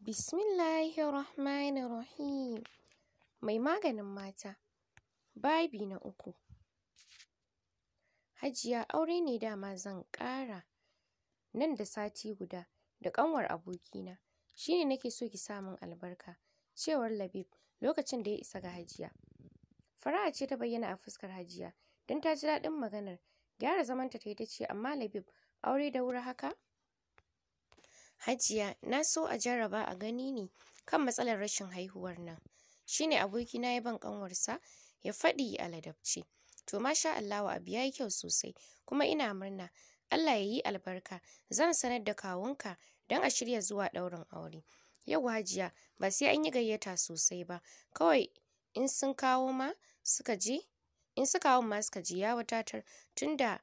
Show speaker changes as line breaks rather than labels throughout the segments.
Bismillahirrahmanirrahim. Mai maganin mata. Babi na uku. Hajiya aure ne dama zan ƙara nan da sati guda da ƙanwar abokina. Shi ne nake so ki samun albarka, cewar Labib lokacin da ya isa ga Hajiya. Fara'a ce ta bayyana a fuskar Hajiya don ta ji daɗin maganar. Gyara zamanta ta yi ta ce, amma Labib, aure da wuri haka? Hajiya, na so a jarraba a gani ne kan matsalar rashin haihuwar nan. Shi ne abokina ya ban ƙanwarsa ya faɗi a ladabci. To masha Allahu abu ya yi kyau sosai kuma ina murna. Allah ya yi albarka. Zan sanar da kawunka don a shirya zuwa ɗaurin aure. Yau Hajiya ba sai an yi gayyata sosai ba. Kawai in sun kawo ma suka je in suka kawo ma suka je ya wadatar tunda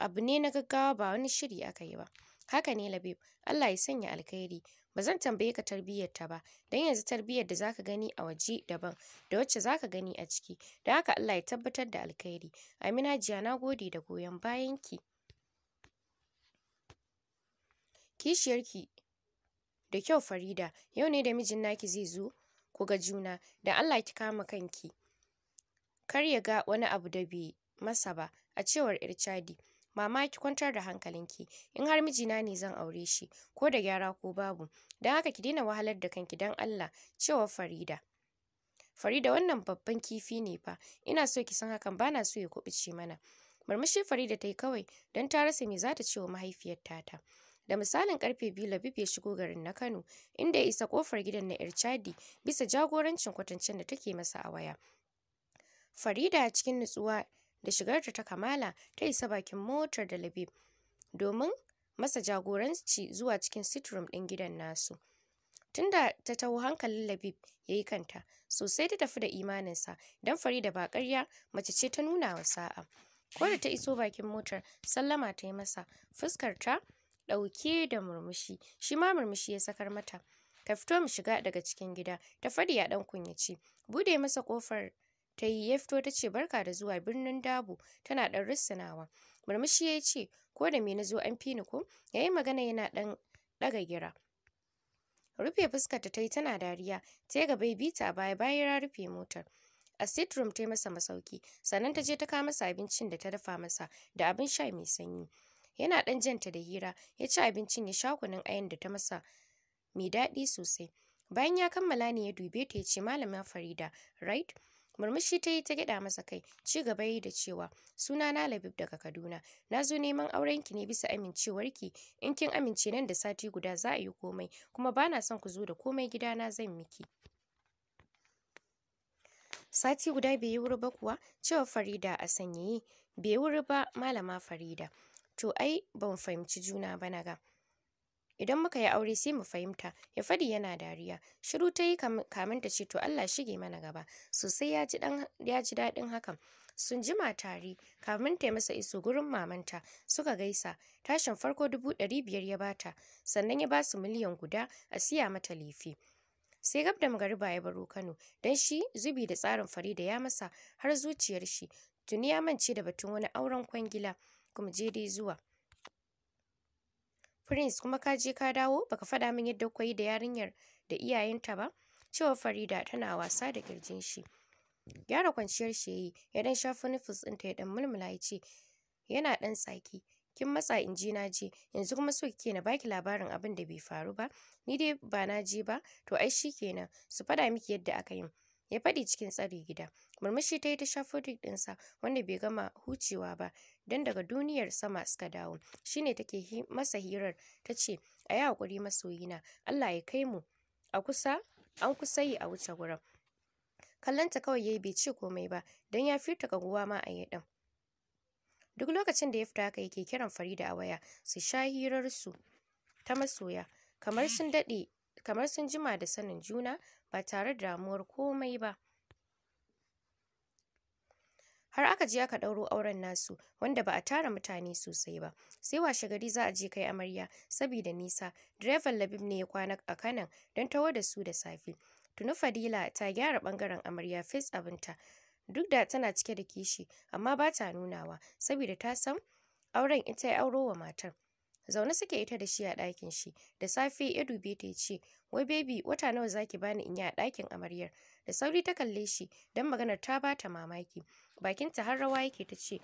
abu ne na gaggawa ba wani shiri aka yi ba. haka ne labib Allah ya sanya alkhairi ba zan tambaye ka tarbiyyar ta ba don yanzu tarbiyyar da zaka gani a waje daban da wacce zaka gani a ciki don haka Allah ya tabbatar da alkhairi Amina jiya na gode da goyon bayan ki kishiyarki da kyau Farida yau ne da mijin naki zai zo ku ga juna da Allah ki kama kanki kar ya ga wani abu da bai masa ba a cewar Irchadi mama ki kwantar da hankalinki in har mijina ne zan aure shi ko da gyara ko babu don haka ki daina wahalar da kanki don Allah cewa Farida Farida wannan babban kifi ne fa ina so ki san hakan bana so ya kubuce mana murmushi Farida ta yi kawai don ta rasa me za ta ce wa mahaifiyar tata da misalin karfe biyu labib ya shigo garin na kano inda ya isa kofar gidan na yar chadi bisa jagorancin kwatancen da take masa a waya farida cikin nutsuwa da shigarta ta kamala ta isa bakin motar da labib domin masa jagoranci zuwa cikin sitrum ɗin gidan nasu tunda ta taho hankalin labib ya yi kanta sosai ta tafi da imaninsa don farida ba ƙarya mace ce ta nuna wa sa'a ko da ta iso bakin motar sallama ta yi masa fuskar ta ɗauke da murmushi shi ma murmushi ya sakar mata ka fito mu shiga daga cikin gida ta fadi ya ɗan kunyaci bude masa ƙofar ta yi ya fito ta ce barka da zuwa birnin Dabo tana dan rissanawa Murmushi ya ce ko da me na zo an fini ni ko ya yi magana yana ɗan ɗaga gira. Rufe fuskarta ta yi tana dariya ta ga gaba bi ta baya bayan ya rufe motar. A sitrum ta yi masa masauki sannan ta je ta kawo masa abincin da ta dafa masa da abin sha mai sanyi. Yana dan janta da hira ya ci abincin ya sha kunun ayan da ta masa mai daɗi sosai. Bayan ya kammala ne ya dube ta ya ce malama Farida, right? murmushi ta yi ta gyaɗa masa kai ci gaba yi da cewa suna na labib daga kaduna na zo neman aurenki ne bisa amincewarki in kin amince nan da sati guda za a yi komai kuma ba na son ku zo da komai gidana zan miki sati guda bai yi wuri ba kuwa cewa farida a yi bai yi wuri ba malama farida to ai ban fahimci juna ba na ga idan muka yi aure sai mu fahimta ya faɗi yana dariya shiru ta yi kamin ta ce to Allah shige mana gaba sosai ya ji daɗin hakan sun jima tare kamin ta masa iso gurin mamanta suka gaisa tashin farko dubu ɗari biyar ya bata sannan ya basu miliyan guda a siya mata lefe sai gab da magariba ya baro Kano don shi zubi da tsarin fari da ya masa har zuciyar shi tuni ya mance da batun wani auren kwangila kuma je dai zuwa Prince kuma ka je ka dawo baka faɗa min yadda kuka yi da yarinyar da iyayenta ba? Cewa Farida tana wasa da kirjin shi. Gyara kwanciyar shi yayi ya dan shafa nufus ɗinta ya dan mulmula ya ce yana ɗan tsaki kin matsa inji na je yanzu kuma so kike na baki labarin abin da bai faru ba ni dai ba na je ba to ai shikenan su faɗa miki yadda aka yi ya faɗi cikin tsari gida murmushi ta yi ta shafo duk ɗinsa wanda bai gama hucewa ba don daga duniyar sama suka dawo Shi ne take masa hirar ta ce a yi haƙuri masoyina allah ya kai mu a kusa an kusa yi a wuce gurin kallonta kawai yayi bai ce komai ba don ya fita kaguwa ma a yi ɗin duk lokacin da ya fita haka yake kiran farida a waya su sha hirarsu ta masoya kamar sun daɗe kamar sun jima da sanin juna ba tare da damuwar komai ba. har aka ji aka ɗauro auren nasu wanda ba a tara mutane sosai ba sai washe gari za a je kai amarya sabida nisa direban labib ne ya kwana a kanan don tawo da su da safe tuni fadila ta gyara ɓangaren amarya fes abinta duk da tana cike da kishi amma ba ta nunawa saboda ta san auren ita ya auro wa matar zaune suke ita da shi a ɗakin shi da safe ya dube ta ya ce wai baby wata nawa zaki bani in yi a ɗakin amaryar da sauri ta kalle shi don maganar ta bata mamaki bakinta har rawa yake ta ce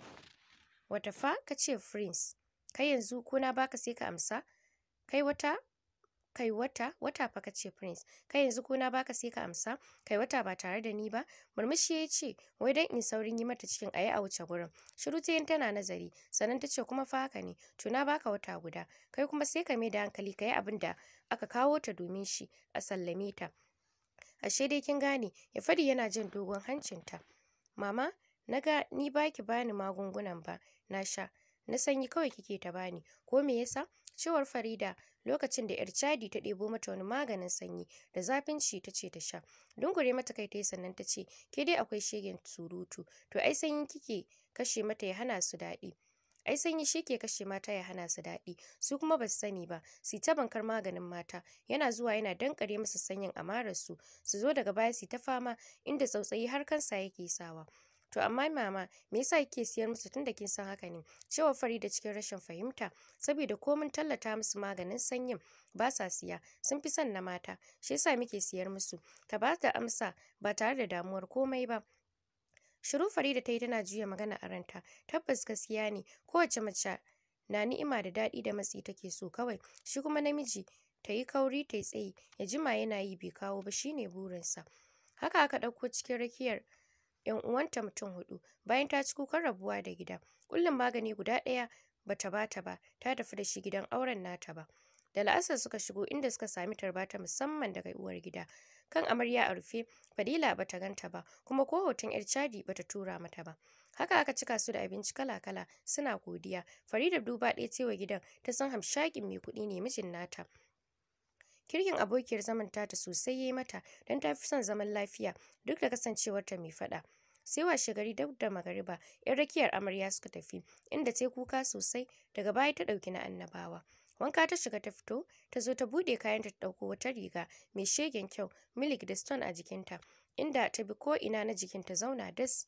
wata fa ka ce prince kai yanzu ko na baka sai ka amsa kai wata kai wata wata fa kace prince kai yanzu ko na baka sai ka amsa kai wata ba tare da ni ba murmushi ya ce wai dan in saurin yi mata cikin ayi a wuce gurin shiru ta tana nazari sannan ta ce kuma fa haka ne to na baka wata guda kai kuma sai ka mai da hankali kai abin da aka kawo ta domin shi a sallame ta ashe dai kin gane ya fadi yana jin dogon hancin ta mama naga ni baki bani magungunan ba na sha na sanyi kawai kike ta bani ko me yasa cewar Farida lokacin da ‘yar Chadi ta ɗebo mata wani maganin sanyi da zafin ci ta ce ta sha. Dungure mata kai ta yi sannan ta ce, ke dai akwai shegen surutu, to ai sanyin kike kashe mata ya hana su daɗi. ai sanyi shi ke kashe mata ya hana su daɗi su kuma ba su sani ba su ta bankar maganin mata yana zuwa yana dankare masu sanyin amarar su su zo daga baya su ta fama inda tsautsayi har kansa yake sawa To amma mama me yasa kike siyar musu tunda kin san haka ne? Cewa fari da cikin rashin fahimta saboda ko mun tallata musu maganin sanyin ba sa siya sun fi son na mata shi yasa muke siyar musu. Ta ba ta amsa ba tare da damuwar komai ba. Shiru da ta yi tana juya magana a ranta tabbas gaskiya ne kowace mace na ni'ima da daɗi da matsi take so kawai shi kuma namiji ta yi kauri ta yi tsayi ya jima yana yi bai kawo ba shine burinsa. Haka aka ɗauko cikin rakiyar 'yan uwanta mutum hudu bayan ta ci kukan rabuwa da gida kullum magani guda daya bata bata ba ta tafi da shi gidan auren nata ba da la'asar suka shigo inda suka sami tarbata musamman daga uwar gida kan amarya a rufe fadila bata ganta ba kuma ko hoton yar cadi bata tura mata ba haka aka cika su da abinci kala kala suna godiya farida duba ɗaya cewa gidan ta san hamshakin mai kuɗi ne mijin nata kirkin abokiyar zamanta ta sosai yayi mata don ta fi son zaman lafiya duk da kasancewarta mai faɗa sai washe gari dab da magariba yan rakiyar amarya suka tafi inda ta kuka sosai daga baya ta ɗauki na annabawa wanka ta shiga ta fito ta zo ta bude kayan ta dauko wata riga mai shegen kyau milik da stone a jikinta inda ta bi ko ina na jikin ta zauna das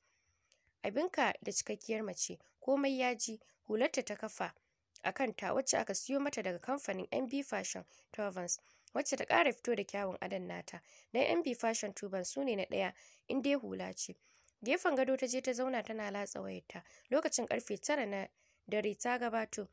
abinka da cikakkiyar mace komai ya ji hularta ta kafa a kanta wacce aka siyo mata daga kamfanin MB Fashion Turbans wacce ta kara fito da kyawun adon nata dan MB Fashion Turbans su ne na ɗaya in dai hula ce gefen gado ta je ta zauna tana latsa wayarta lokacin karfe tara na dare ta gabato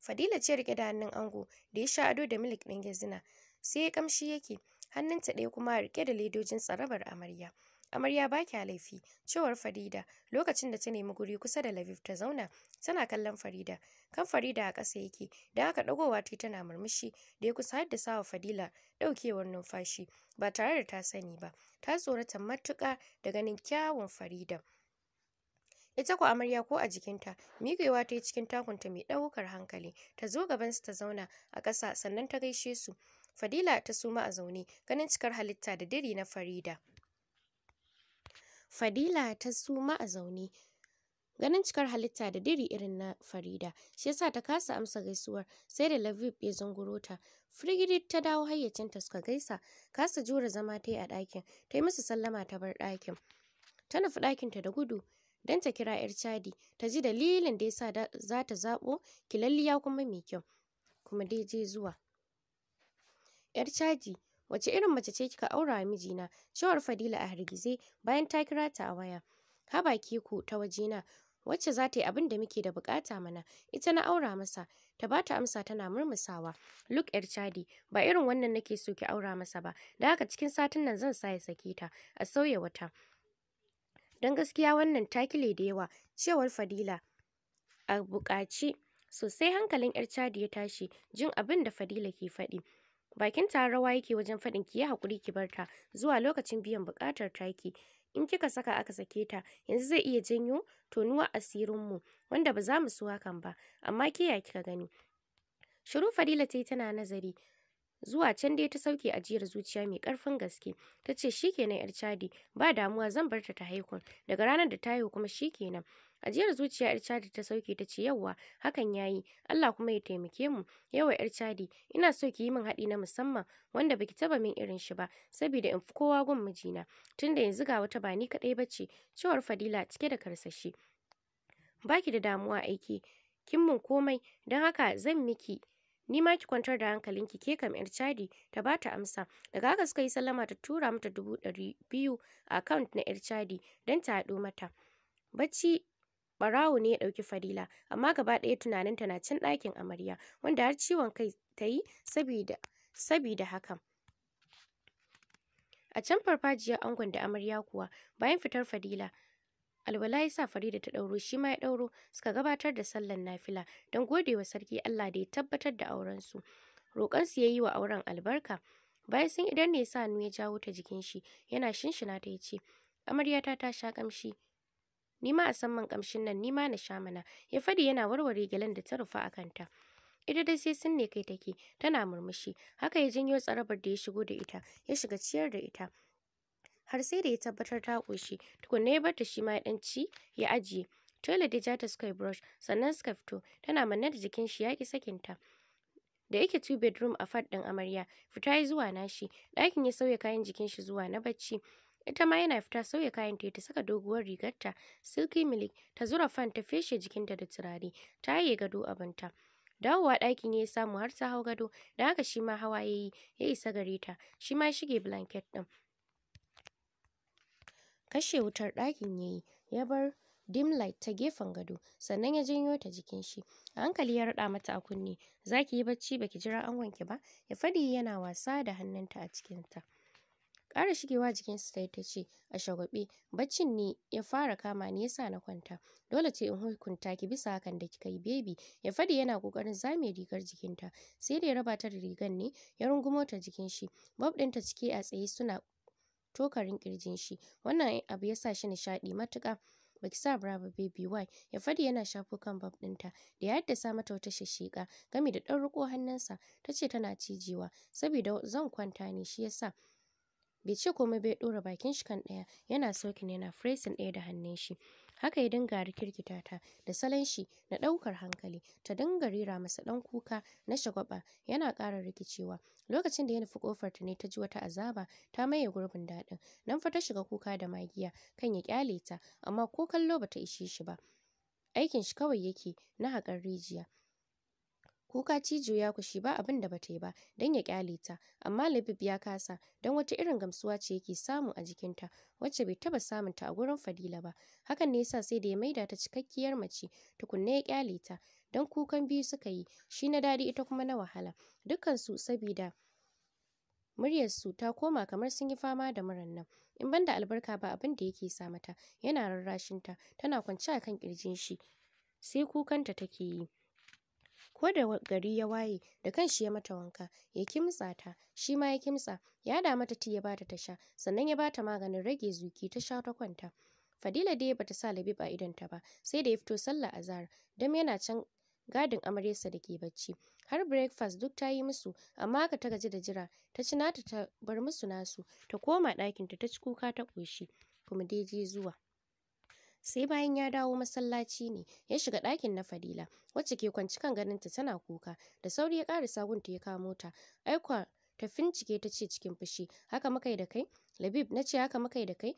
fadila ce rike da hannun ango da ya sha ado da milik ɗin gezina sai ya kamshi yake hannunta ɗaya kuma rike da ledojin tsarabar amarya Amarya ba kya laifi, cewar Farida lokacin da ta nemi guri kusa da lavif ta zauna, tana kallon Farida. Kan Farida a ƙasa yake, da haka ɗagowa ta tana murmushi da ya kusa haddasa sawa Fadila ɗaukewar numfashi ba tare da ta sani ba. Ta tsorata matuƙa da ganin kyawun Farida. ita ko amarya ko a jikinta miƙewa ta yi cikin takunta mai ɗaukar hankali ta zo gabansu ta zauna a ƙasa sannan ta gaishe su fadila ta suma a zaune ganin cikar halitta da diri na farida Fadila ta suma a zaune. Ganin cikar halitta da diri irin na Farida, shi yasa ta kasa amsa gaisuwar sai da Lavib ya zunguro ta. Firgidi ta dawo hayyacinta suka gaisa, kasa jure zama ta yi a ɗakin, ta yi musu sallama ta bar ɗakin. Ta nufi ɗakinta da gudu, don ta kira 'yar Chadi, ta ji dalilin da yasa za ta zaɓo kilalliya kuma mai kyau, kuma je zuwa. 'Yar Chadi wace irin mace ce kika aura wa mijina cewar fadila a hargize bayan ta kira ta a waya baki ku ta na? wacce za ta yi abin da muke da bukata mana ita na aura masa ta ba ta amsa tana murmusawa luk yar chadi ba irin wannan nake so ki aura masa ba da haka cikin satin nan zan sa ya sake ta a sauya wata don gaskiya wannan takile da yawa cewar fadila a bukaci sosai hankalin yar chadi ya tashi jin abin da fadila ke faɗi bakin tarawa yake wajen faɗin ki yi kibarta, ki bar zuwa lokacin biyan buƙatar taki in kika saka aka sake ta yanzu zai iya janyo tonuwa asirin mu wanda ba za mu so hakan ba amma ke kika gani shiru fadila ta yi tana nazari zuwa can dai ta sauke ajiyar zuciya mai karfin gaske ta ce shikenan yar chadi ba damuwa zan bar ta ta haihu daga ranar da ta haihu kuma shi kenan ajiyar zuciya yar chadi ta sauke ta ce yawwa hakan yayi Allah kuma ya taimake mu yawa yar chadi ina so ki yi min haɗi na musamman wanda baki taba min irin shi ba saboda in fi kowa gun mijina tunda yanzu ga wata ba ni kaɗai bace cewar fadila cike da karsashi baki da damuwa aiki kin mun komai don haka zan miki ni ma ki kwantar da hankalinki ke kam yar chadi ta ba ta amsa daga haka suka yi sallama ta tura mata dubu ɗari biyu a akaunt na yar chadi don ta haɗo mata bacci barawo ne ya ɗauki fadila amma gaba ɗaya tunaninta na cin ɗakin amarya wanda har ciwon kai ta yi sabida haka hakan a can farfajiyar angon da amarya kuwa bayan fitar fadila alwala ya sa farida ta ɗauro shi ma ya ɗauro suka gabatar da sallan nafila don gode wa sarki allah da ya tabbatar da aurensu roƙonsu ya yi wa auren albarka bayan sun idan ne sa ya jawo ta jikin shi yana shinshina ta ya ce amaryata ta sha kamshi ni ma a san man kamshin nan ni ma na sha mana ya faɗi yana warware gyalen da ta rufa a kanta ita dai sai sun ne kai take tana murmushi haka ya janyo tsarabar da ya shigo da ita ya shiga ciyar da ita har sai da ya tabbatar ta ƙoshi tukunna ya bar ta shi ma ya ɗan ci ya ajiye toilet da ja suka yi brush sannan suka fito tana manne da jikin shi ya ƙi sakinta da yake two bedroom a fat ɗin amarya fita yi zuwa nashi ɗakin ya sauya kayan jikin shi zuwa na bacci ita ma yana fita sauya kayan ta ta saka doguwar rigarta silky milik ta zura fan ta feshe ta da turare ta yi gado abinta dawowa ɗakin ya samu har ta hau gado da haka shi ma hawa ya yi ya isa gare ta shi ma shige blanket ɗin Kashe wutar ɗakin ya yi, ya bar dim light ta gefen gado, sannan ya janyo ta jikin shi. A hankali ya raɗa mata a kunne, za ki yi bacci baki jira an wanke ba, ya faɗi yana wasa da hannunta a cikinta. ƙara shigewa jikinsu ta ta ce a shagwabe baccin ne ya fara kama ni yasa na kwanta dole ce in hukunta ki bisa hakan da kika yi bebi ya faɗi yana kokarin zame rigar jikinta sai da ya raba ta da rigar ne ya rungumo ta jikin shi bob ɗinta cike a tsaye suna tokarin kirjin shi wannan abu ya sa shi nishaɗi matuka. baki sa bravo baby why ya faɗi yana shafo kan bab ɗinta da ya sa mata wata shishika gami da ɗan riko hannunsa ta ce tana cijewa saboda zan kwanta ne shi yasa bai ce komai bai ɗora bakin shi kan ɗaya yana sokin yana fresin ɗaya da hannun shi haka ya dinga rikirkita ta da salon shi na ɗaukar hankali ta dinga rira masa ɗan kuka na shagwaba yana ƙara rikicewa lokacin da ya nufi ƙofarta ta ne ta ji wata azaba ta maye gurbin daɗin nan fa ta shiga kuka da magiya kan ya kyale ta amma ko kallo bata ishe shi ba aikin shi kawai yake na haƙar rijiya Kuka cijo ya kushi ba abin da bata yi ba Dan ya kyale ta, amma Labib ya kasa Dan wata irin gamsuwa ce yake samu a jikinta wacce bai taba samun ta a gurin Fadila ba. Hakan ne yasa sai da ya maida ta cikakkiyar mace tukunna ya kyale ta dan kukan biyu suka yi shi na dadi ita kuma na wahala dukkansu sabida muryarsu ta koma kamar sun yi fama da muran nan in banda albarka ba abin da yake sa mata yana rarrashinta tana kwance a kan kirjin shi sai kukanta take yi ko da gari ya waye da kan shi ya mata wanka ya kimtsa ta shi ma ya kimtsa ya da mata ti ya bata ta sha sannan ya bata maganin rage zuki ta sha ta kwanta Fadila dai bata sa labib a ta ba sai da ya fito sallah azhar dam yana can gadin amaryarsa da ke bacci har breakfast duk ta yi musu amma haka ta gaji da jira ta ci nata ta bar musu nasu ta koma ɗakinta ta ci kuka ta ƙoshi kuma daidai zuwa sai bayan ya dawo masallaci ne ya shiga ɗakin na fadila wacce ke kwanci kan ganinta tana kuka da sauri ya ƙara gunta ya kamo ta aikwa ta fincike ta ce cikin fushi haka makai da kai labib na ce haka makai da kai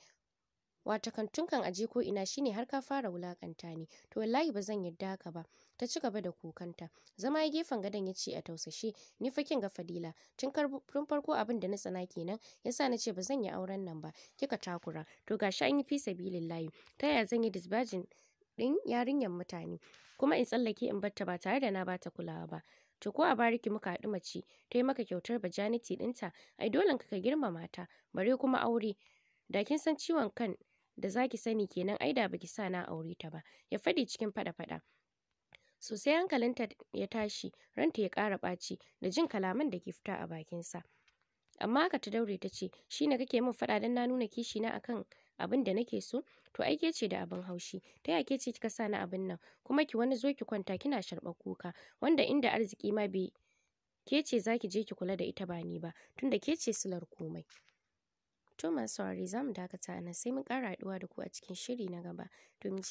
wata kan aje ko ina shine har ka fara wulakanta ni to wallahi ba zan yarda haka ba ta ci gaba da kukanta zama ya gefen gadon ya ce a tausashe ni fa kin ga fadila tun farko abin da na tsana kenan yasa na ce ba zan yi auren nan ba kika takura to gashi an yi fi sabilillahi ta yaya zan yi disbajin din yarinyar mutane kuma in tsallake in batta ba tare da na bata kulawa ba to ko a bariki muka haɗu mace ta yi maka kyautar bajaniti ɗinta ai dole ka girmama ta bare kuma aure da kin san ciwon kan da zaki sani kenan ai da baki sa na aure ta ba ya faɗi cikin faɗa-faɗa sosai hankalinta ya tashi ranta ya kara ɓaci da jin kalaman da ke fita a bakinsa amma haka ta daure ta ce shi ne kake min faɗa don na nuna kishi na akan abin da nake so to ai ce da abin haushi ta ya ke ce kika sa na abin nan kuma ki wani zo ki kwanta kina sharɓar kuka wanda inda arziki ma bai ke ce za ki je ki kula da ita ba ni ba tunda ke ce silar komai to masu saurari za mu dakata nan sai mun kara haɗuwa da ku a cikin shiri na gaba domin